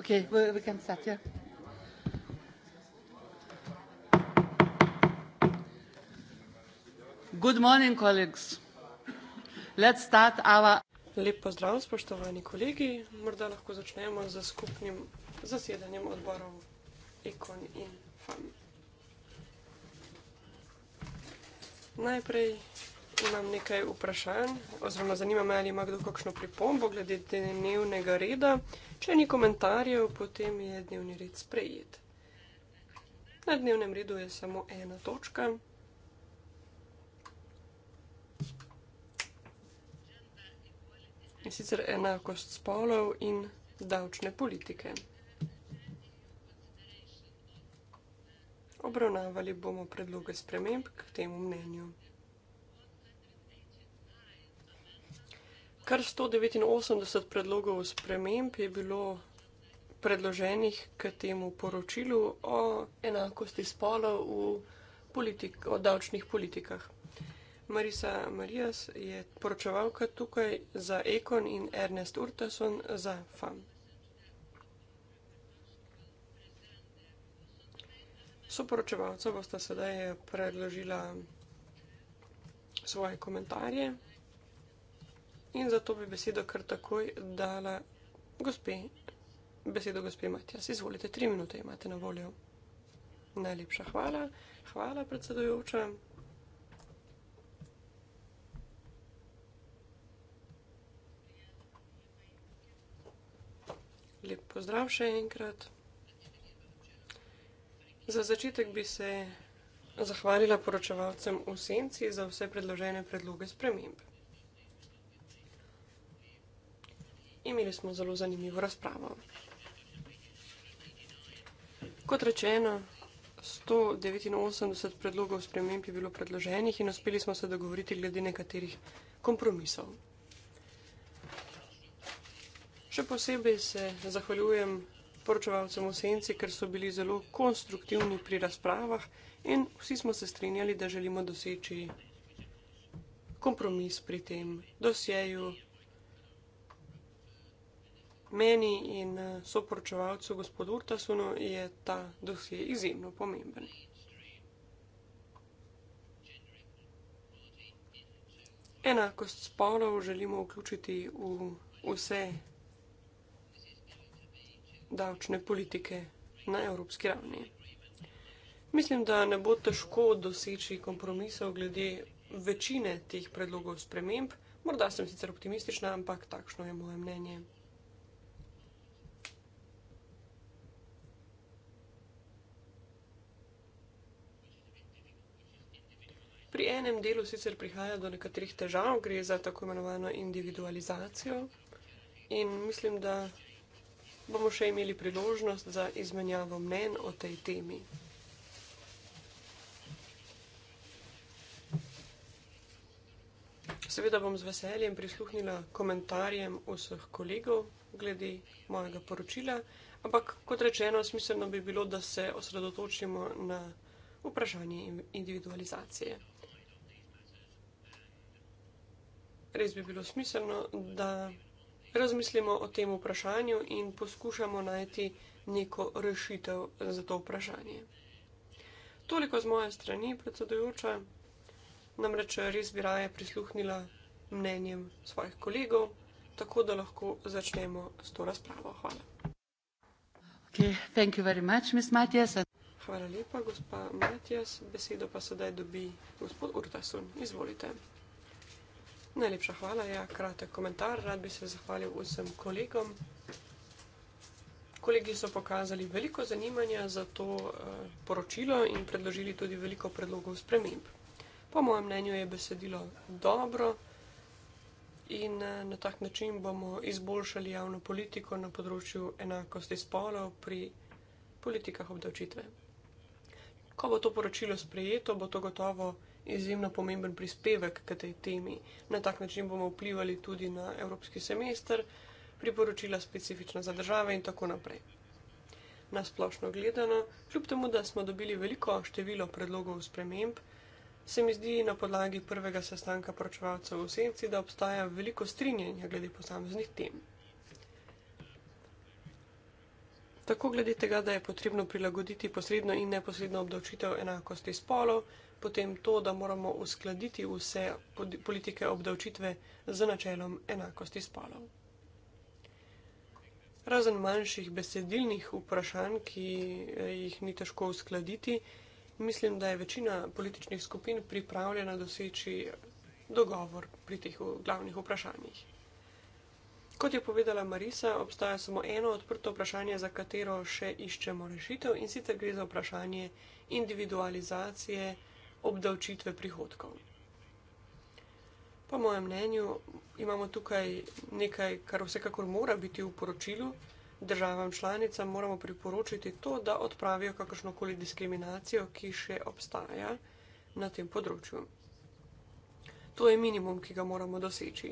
Okay, we, we can start, yeah. Good morning, colleagues. Let's start our... Lep pozdrav, spoštovani kolegi. Morda lahko začnemo z skupnim zasedanjem odborov Ekon in FAM. Najprej imam nekaj vprašanj, oziroma zanima me, ali ima kdo kakšno pripombo glede dnevnega reda. Če ni komentarjev, potem je dnevni red sprejet. Na dnevnem redu je samo ena točka. In sicer enakost spolov in davčne politike. Obravnavali bomo predloge sprememb k temu mnenju. kar 189 predlogov sprememb je bilo predloženih k temu poročilu o enakosti spolov v politik, davčnih politikah. Marisa Marijas je poročevalka tukaj za Ekon in Ernest Urteson za FAM. Soporočevalca bosta sedaj predložila svoje komentarje in zato bi besedo kar takoj dala gospe, besedo gospe Matjas. Izvolite, tri minute imate na voljo. Najlepša hvala. Hvala, predsedujoča. Lep pozdrav še enkrat. Za začetek bi se zahvalila poročevalcem v senci za vse predložene predloge spremembe. imeli smo zelo zanimivo razpravo. Kot rečeno, 189 predlogov sprememb je bilo predloženih in uspeli smo se dogovoriti glede nekaterih kompromisov. Še posebej se zahvaljujem poročevalcem v senci, ker so bili zelo konstruktivni pri razpravah in vsi smo se strinjali, da želimo doseči kompromis pri tem dosjeju meni in eh, soporočevalcu gospodu Urtasunu je ta dosje izjemno pomemben. Enakost spolov želimo vključiti v vse davčne politike na evropski ravni. Mislim, da ne bo težko doseči kompromisov glede večine teh predlogov sprememb. Morda sem sicer optimistična, ampak takšno je moje mnenje. enem delu sicer prihaja do nekaterih težav, gre za tako imenovano individualizacijo. In mislim, da bomo še imeli priložnost za izmenjavo mnen o tej temi. Seveda bom z veseljem prisluhnila komentarjem vseh kolegov glede mojega poročila, ampak kot rečeno, smiselno bi bilo, da se osredotočimo na vprašanje individualizacije. res bi bilo smiselno, da razmislimo o tem vprašanju in poskušamo najti neko rešitev za to vprašanje. Toliko z moje strani, predsedujoča, namreč res bi raje prisluhnila mnenjem svojih kolegov, tako da lahko začnemo s to razpravo. Hvala. Okay, much, Hvala lepa, gospa Matjas. Besedo pa sedaj dobi gospod Urtasun. Izvolite. Najlepša hvala. Ja, kratek komentar. Rad bi se zahvalil vsem kolegom. Kolegi so pokazali veliko zanimanja za to eh, poročilo in predložili tudi veliko predlogov sprememb. Po mojem mnenju je besedilo dobro in eh, na tak način bomo izboljšali javno politiko na področju enakosti spolov pri politikah obdavčitve. Ko bo to poročilo sprejeto, bo to gotovo izjemno pomemben prispevek k tej temi. Na tak način bomo vplivali tudi na evropski semester, priporočila specifična za države in tako naprej. Nasplošno gledano, kljub temu, da smo dobili veliko število predlogov sprememb, se mi zdi na podlagi prvega sestanka pročevalcev v senci, da obstaja veliko strinjanja glede posameznih tem. Tako glede tega, da je potrebno prilagoditi posredno in neposredno obdavčitev enakosti spolov, potem to, da moramo uskladiti vse politike obdavčitve z načelom enakosti spolov. Razen manjših besedilnih vprašanj, ki eh, jih ni težko uskladiti, mislim, da je večina političnih skupin pripravljena doseči dogovor pri teh glavnih vprašanjih. Kot je povedala Marisa, obstaja samo eno odprto vprašanje, za katero še iščemo rešitev in sicer gre za vprašanje individualizacije obdavčitve prihodkov. Po mojem mnenju imamo tukaj nekaj, kar vsekakor mora biti v poročilu. Državam članicam moramo priporočiti to, da odpravijo kakršnokoli diskriminacijo, ki še obstaja na tem področju. To je minimum, ki ga moramo doseči.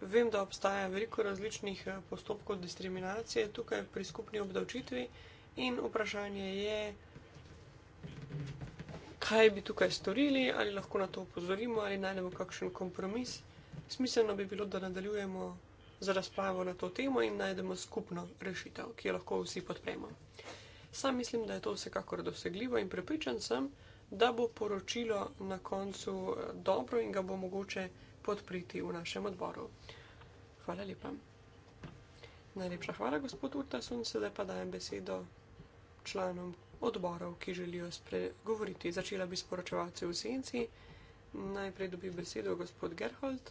Vem, da obstaja veliko različnih eh, postopkov diskriminacije tukaj pri skupni obdavčitvi in vprašanje je, kaj bi tukaj storili, ali lahko na to upozorimo, ali najdemo kakšen kompromis. Smiselno bi bilo, da nadaljujemo z razpravo na to temo in najdemo skupno rešitev, ki jo lahko vsi podpremo. Sam mislim, da je to vsekakor dosegljivo in prepričan sem, da bo poročilo na koncu eh, dobro in ga bo mogoče podpriti v našem odboru. Hvala lepa. Najlepša hvala, gospod Urtasun, sedaj pa dajem besedo članom odborov, ki želijo spregovoriti. Začela bi s poročevalci v senci. Najprej dobi besedo gospod Gerhold,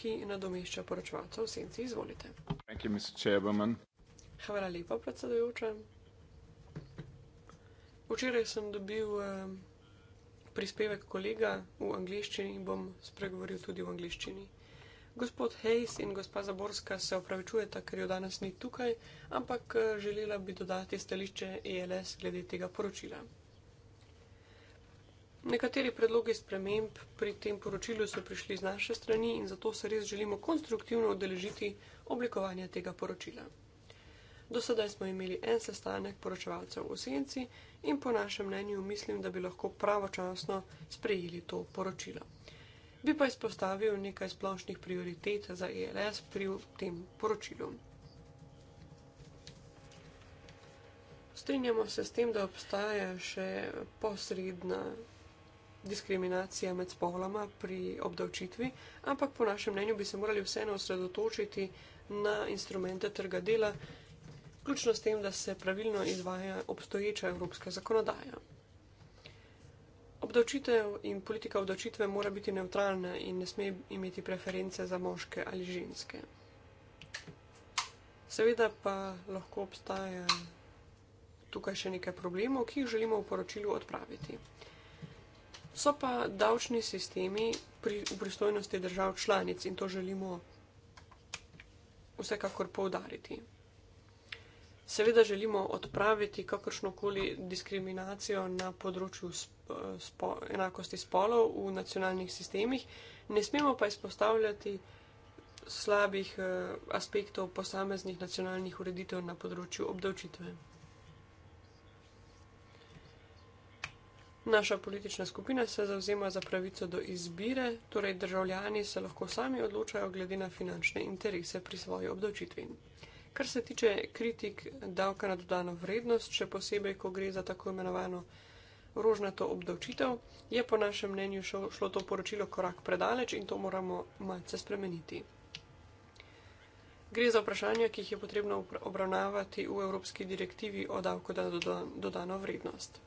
ki nadomešča poročevalca v senci. Izvolite. You, Hvala lepa, predsedujoča. Včeraj sem dobil um, prispevek kolega v angliščini in bom spregovoril tudi v angliščini. Uh, Gospod Hayes in gospa Zaborska se opravičujeta, ker jo danes ni tukaj, ampak eh, želela bi dodati stališče ELS glede tega poročila. Nekateri predlogi sprememb pri tem poročilu so prišli z naše strani in zato se res želimo konstruktivno odeležiti oblikovanja tega poročila. Do sedaj smo imeli en sestanek poročevalcev v senci in po našem mnenju mislim, da bi lahko pravočasno sprejeli to poročilo bi pa izpostavil nekaj splošnih prioritet za ELS pri tem poročilu. Strinjamo se s tem, da obstaja še posredna diskriminacija med spoloma pri obdavčitvi, ampak po našem mnenju bi se morali vseeno osredotočiti na instrumente trga dela, ključno s tem, da se pravilno izvaja obstoječa evropska zakonodaja obdavčitev in politika obdavčitve mora biti neutralna in ne sme imeti preference za moške ali ženske. Seveda pa lahko obstaja tukaj še nekaj problemov, ki jih želimo v poročilu odpraviti. So pa davčni sistemi pri, v pristojnosti držav članic in to želimo vsekakor poudariti seveda želimo odpraviti kakršnokoli diskriminacijo na področju spo, spo, enakosti spolov v nacionalnih sistemih, ne smemo pa izpostavljati slabih eh, aspektov posameznih nacionalnih ureditev na področju obdavčitve. Naša politična skupina se zauzema za pravico do izbire, torej državljani se lahko sami odločajo glede na finančne interese pri svoji obdavčitvi. Kar se tiče kritik davka na dodano vrednost, še posebej, ko gre za tako imenovano rožnato obdavčitev, je po našem mnenju šlo, šlo to poročilo korak predaleč in to moramo malce spremeniti. Gre za vprašanja, ki jih je potrebno obravnavati v Evropski direktivi o davku na dodano vrednost.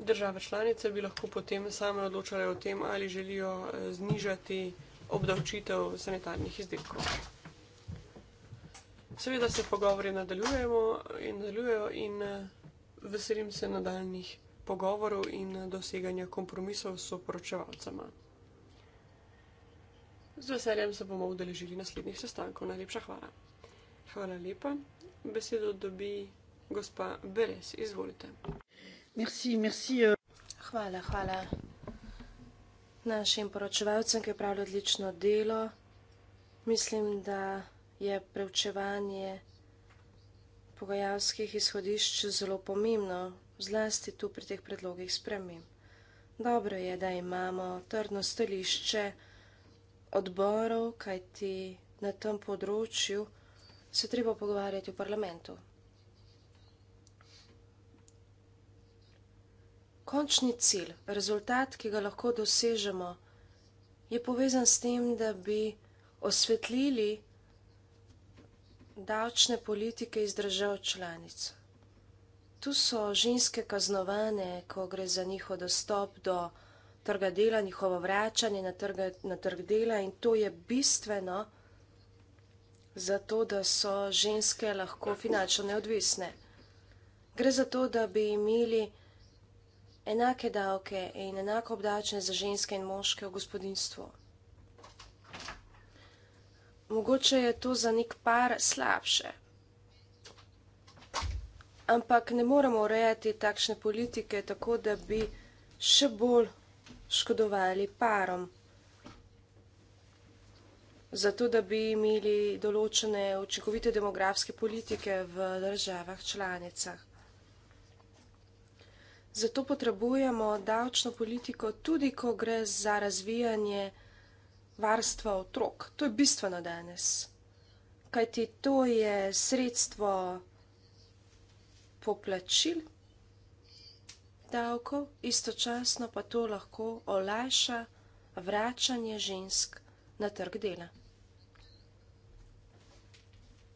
Države članice bi lahko potem same odločale o tem, ali želijo eh, znižati obdavčitev sanitarnih izdelkov. Seveda se pogovori nadaljujemo in nadaljujejo in eh, veselim se nadaljnih pogovorov in eh, doseganja kompromisov s poročevalcama. Z veseljem se bomo udeležili naslednjih sestankov. Najlepša hvala. Hvala lepa. Besedo dobi gospa Beres. Izvolite. Merci, merci. Euh. Hvala, hvala našim poročevalcem, ki upravlja odlično delo. Mislim, da je preučevanje pogajalskih izhodišč zelo pomembno, zlasti tu pri teh predlogih sprememb. Dobro je, da imamo trdno stališče odborov, kajti na tem področju se treba pogovarjati v parlamentu. Končni cilj, rezultat, ki ga lahko dosežemo, je povezan s tem, da bi osvetlili davčne politike iz držav članic. Tu so ženske kaznovane, ko gre za njihov dostop do trga dela, njihovo vračanje na, trga, na trg dela in to je bistveno za to, da so ženske lahko finančno neodvisne. Gre za to, da bi imeli enake davke in enako obdavčene za ženske in moške v gospodinstvu. Mogoče je to za nek par slabše. Ampak ne moremo urejati takšne politike tako, da bi še bolj škodovali parom. Zato, da bi imeli določene učinkovite demografske politike v državah članicah. Zato potrebujemo davčno politiko tudi, ko gre za razvijanje varstva otrok. To je bistveno danes. Kaj ti to je sredstvo poplačil davkov, istočasno pa to lahko olajša vračanje žensk na trg dela.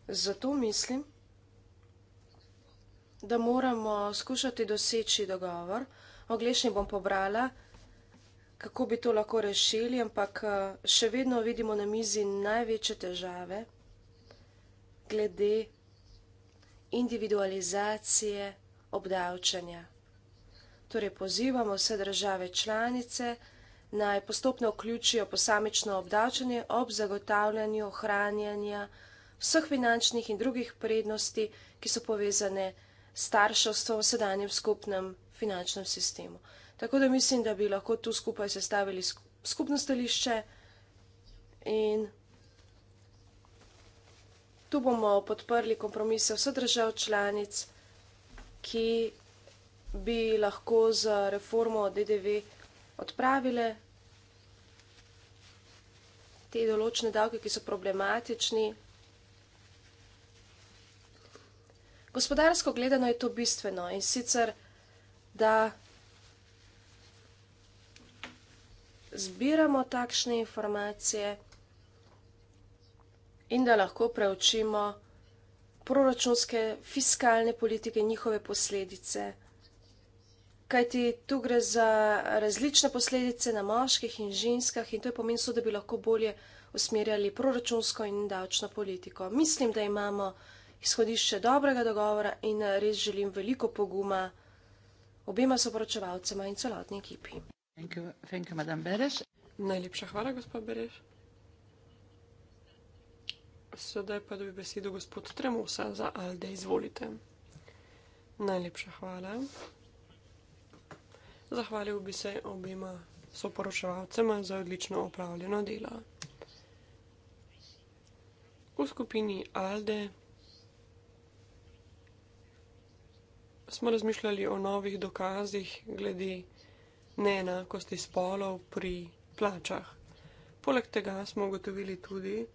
Zato mislim, da moramo skušati doseči dogovor. Oglešnji bom pobrala, kako bi to lahko rešili, ampak eh, še vedno vidimo na mizi največje težave glede individualizacije obdavčanja. Torej pozivamo vse države članice naj postopno vključijo posamično obdavčanje ob zagotavljanju ohranjanja vseh finančnih in drugih prednosti, ki so povezane z starševstvo v sedanjem skupnem finančnem sistemu. Tako da mislim, da bi lahko tu skupaj sestavili skupno stališče in tu bomo podprli kompromise vse držav članic, ki bi lahko z reformo DDV odpravile te določene davke, ki so problematični. Gospodarsko gledano je to bistveno in sicer, da zbiramo takšne informacije in da lahko preučimo proračunske fiskalne politike in njihove posledice. Kajti tu gre za različne posledice na moških in ženskah in to je pomenilo, da bi lahko bolje usmerjali proračunsko in davčno politiko. Mislim, da imamo izhodišče dobrega dogovora in res želim veliko poguma obema soporočevalcema in celotni ekipi. Thank you, thank you, Najlepša hvala, gospod Bereš. Sedaj pa dobi besedo gospod Tremusa za Alde. Izvolite. Najlepša hvala. Zahvalil bi se obima soporočevalcema za odlično opravljeno delo. V skupini Alde smo razmišljali o novih dokazih glede neenakosti spolov pri plačah. Poleg tega smo ugotovili tudi,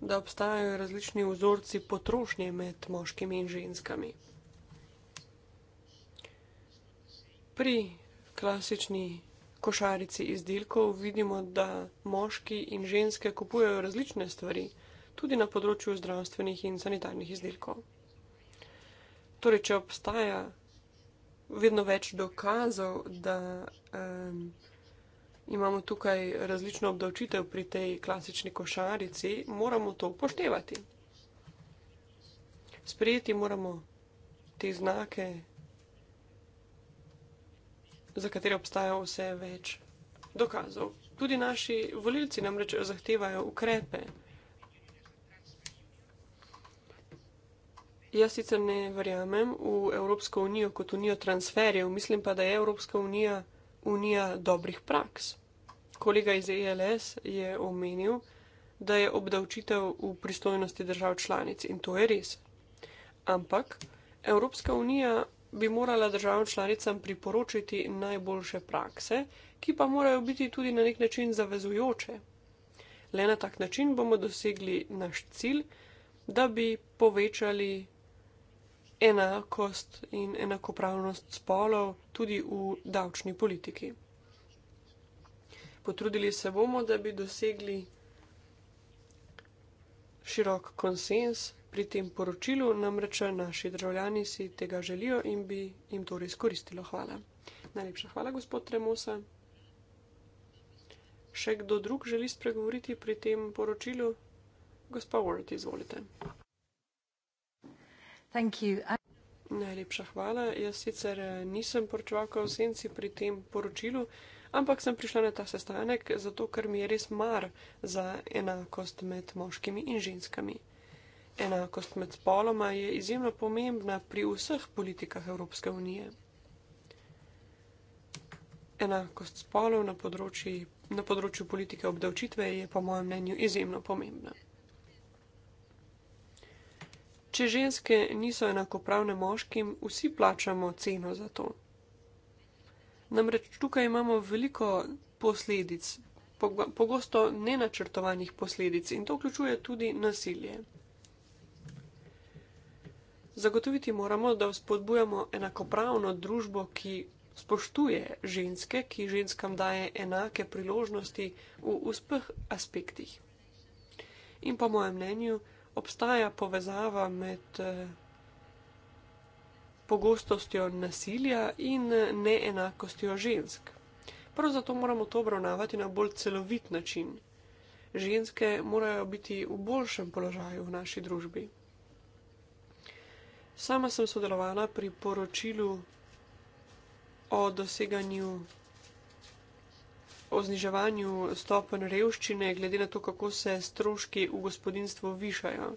da obstajajo različni vzorci potrošnje med moškimi in ženskami. Pri klasični košarici izdelkov vidimo, da moški in ženske kupujejo različne stvari, tudi na področju zdravstvenih in sanitarnih izdelkov. Torej, če obstaja vedno več dokazov, da um, imamo tukaj različno obdavčitev pri tej klasični košarici, moramo to upoštevati. Sprijeti moramo te znake, za katere obstaja vse več dokazov. Tudi naši volilci namreč zahtevajo ukrepe. Jaz sicer ne verjamem v Evropsko unijo kot unijo transferjev, mislim pa, da je Evropska unija unija dobrih praks. Kolega iz ELS je omenil, da je obdavčitev v pristojnosti držav članic in to je res. Ampak Evropska unija bi morala državam članicam priporočiti najboljše prakse, ki pa morajo biti tudi na nek način zavezujoče. Le na tak način bomo dosegli naš cilj, da bi povečali enakost in enakopravnost spolov tudi v davčni politiki. Potrudili se bomo, da bi dosegli širok konsens pri tem poročilu, namreč naši državljani si tega želijo in bi jim to res koristilo. Hvala. Najlepša hvala, gospod Tremosa. Še kdo drug želi spregovoriti pri tem poročilu? Gospa Ward, izvolite. Najlepša hvala. Jaz sicer eh, nisem poročevalka v senci pri tem poročilu, ampak sem prišla na ta sestanek zato, ker mi je res mar za enakost med moškimi in ženskami. Enakost med spoloma je izjemno pomembna pri vseh politikah Evropske unije. Enakost spolov na področju, na področju politike obdavčitve je po mojem mnenju izjemno pomembna. Če ženske niso enakopravne moškim, vsi plačamo ceno za to. Namreč tukaj imamo veliko posledic, pogosto nenačrtovanih posledic in to vključuje tudi nasilje. Zagotoviti moramo, da vzpodbujamo enakopravno družbo, ki spoštuje ženske, ki ženskam daje enake priložnosti v uspeh aspektih. In po mojem mnenju, obstaja povezava med eh, pogostostjo nasilja in eh, neenakostjo žensk. Prav zato moramo to obravnavati na bolj celovit način. Ženske morajo biti v boljšem položaju v naši družbi. Sama sem sodelovala pri poročilu o doseganju o zniževanju stopen revščine, glede na to, kako se stroški v gospodinstvu višajo.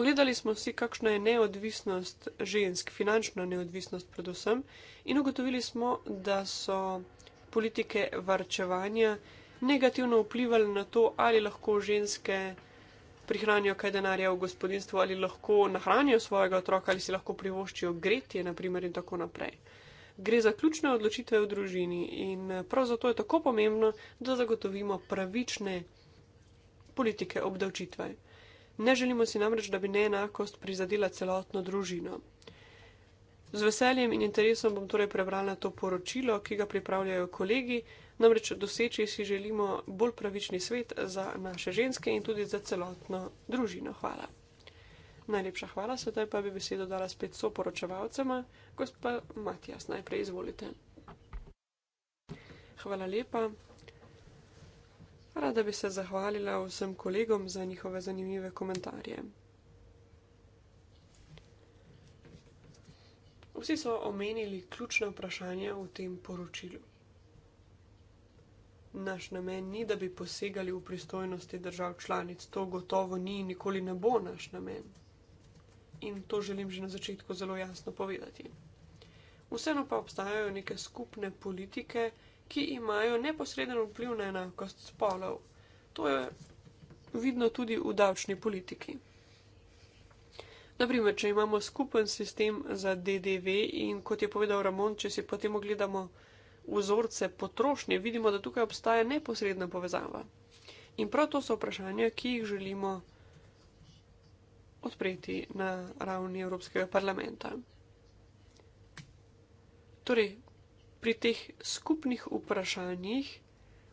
Ogledali smo si, kakšna je neodvisnost žensk, finančna neodvisnost predvsem, in ugotovili smo, da so politike varčevanja negativno vplivali na to, ali lahko ženske prihranijo kaj denarja v gospodinstvu, ali lahko nahranijo svojega otroka, ali si lahko privoščijo gretje, naprimer, in tako naprej gre za ključne odločitve v družini in eh, prav zato je tako pomembno, da zagotovimo pravične politike obdavčitve. Ne želimo si namreč, da bi neenakost prizadela celotno družino. Z veseljem in interesom bom torej prebrala to poročilo, ki ga pripravljajo kolegi, namreč doseči si želimo bolj pravični svet za naše ženske in tudi za celotno družino. Hvala. Najlepša hvala, sedaj pa bi besedo dala spet soporočevalcema, gospa Matjas, najprej izvolite. Hvala lepa. Rada bi se zahvalila vsem kolegom za njihove zanimive komentarje. Vsi so omenili ključna vprašanja v tem poročilu. Naš namen ni, da bi posegali v pristojnosti držav članic, to gotovo ni in nikoli ne bo naš namen in to želim že na začetku zelo jasno povedati. Vseeno pa obstajajo neke skupne politike, ki imajo neposreden vpliv na enakost spolov. To je vidno tudi v davčni politiki. Naprimer, če imamo skupen sistem za DDV in kot je povedal Ramon, če si potem ogledamo vzorce potrošnje, vidimo, da tukaj obstaja neposredna povezava. In prav to so vprašanja, ki jih želimo odpreti na ravni Evropskega parlamenta. Torej, pri teh skupnih vprašanjih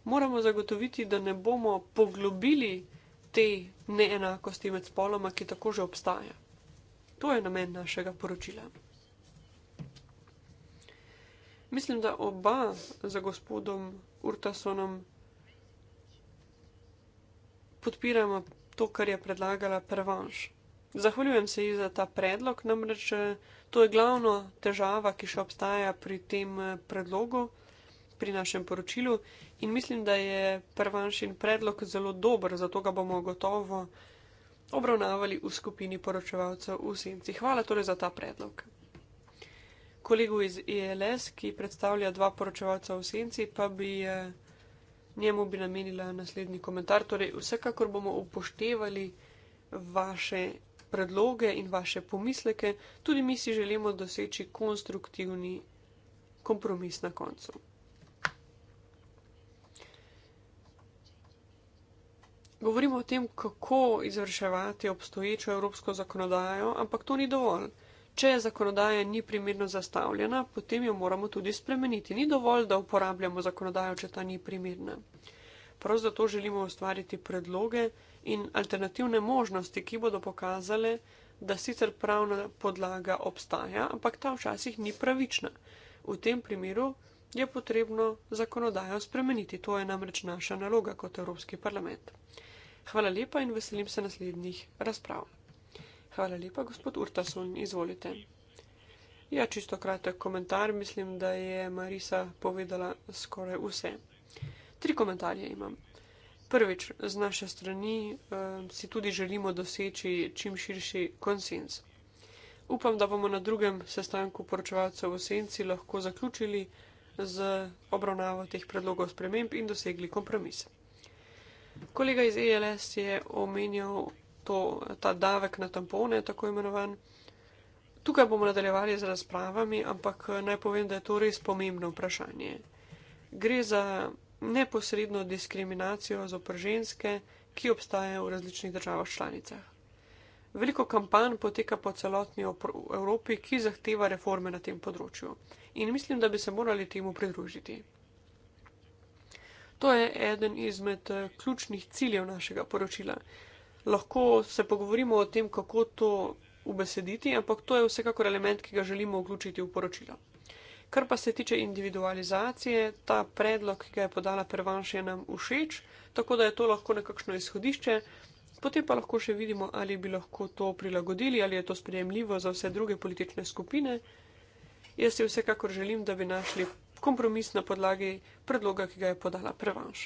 moramo zagotoviti, da ne bomo poglobili te neenakosti med spoloma, ki tako že obstaja. To je namen našega poročila. Mislim, da oba za gospodom Urtasonom podpiramo to, kar je predlagala Prevanš. Zahvaljujem se ji za ta predlog, namreč eh, to je glavna težava, ki še obstaja pri tem eh, predlogu, pri našem poročilu. In mislim, da je prvanšin predlog zelo dober, zato ga bomo gotovo obravnavali v skupini poročevalcev v Senci. Hvala torej za ta predlog. Kolegu iz ELS, ki predstavlja dva poročevalca v Senci, pa bi eh, njemu bi namenila naslednji komentar. Torej, vsekakor bomo upoštevali vaše predloge in vaše pomisleke, tudi mi si želimo doseči konstruktivni kompromis na koncu. Govorimo o tem, kako izvrševati obstoječo evropsko zakonodajo, ampak to ni dovolj. Če zakonodaja ni primerno zastavljena, potem jo moramo tudi spremeniti. Ni dovolj, da uporabljamo zakonodajo, če ta ni primerna. Prav zato želimo ustvariti predloge, in alternativne možnosti, ki bodo pokazale, da sicer pravna podlaga obstaja, ampak ta včasih ni pravična. V tem primeru je potrebno zakonodajo spremeniti. To je namreč naša naloga kot Evropski parlament. Hvala lepa in veselim se naslednjih razprav. Hvala lepa, gospod Urtasun, izvolite. Ja, čisto kratek komentar. Mislim, da je Marisa povedala skoraj vse. Tri komentarje imam prvič z naše strani uh, si tudi želimo doseči čim širši konsens. Upam, da bomo na drugem sestanku poročevalcev v senci lahko zaključili z obravnavo teh predlogov sprememb in dosegli kompromis. Kolega iz ELS je omenjal to, ta davek na tampone, tako imenovan. Tukaj bomo nadaljevali z razpravami, ampak naj povem, da je to res pomembno vprašanje. Gre za neposredno diskriminacijo za prženske, ki obstajajo v različnih državah članicah. Veliko kampanj poteka po celotni Evropi, ki zahteva reforme na tem področju in mislim, da bi se morali temu pridružiti. To je eden izmed eh, ključnih ciljev našega poročila. Lahko se pogovorimo o tem, kako to ubesediti, ampak to je vsekakor element, ki ga želimo vključiti v poročilo. Kar pa se tiče individualizacije, ta predlog, ki ga je podala Pervanš, je nam všeč, tako da je to lahko nekakšno izhodišče. Potem pa lahko še vidimo, ali bi lahko to prilagodili, ali je to sprejemljivo za vse druge politične skupine. Jaz si vsekakor želim, da bi našli kompromis na podlagi predloga, ki ga je podala Prevanš.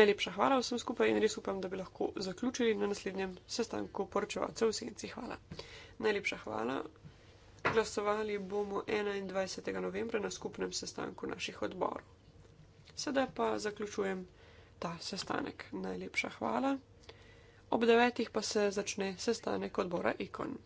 Najlepša hvala vsem skupaj in res upam, da bi lahko zaključili na naslednjem sestanku poročevalcev v senci. Hvala. Najlepša hvala. Glasovali bomo 21. novembra na skupnem sestanku naših odborov. Sedaj pa zaključujem ta sestanek. Najlepša hvala. Ob devetih pa se začne sestanek odbora ikon.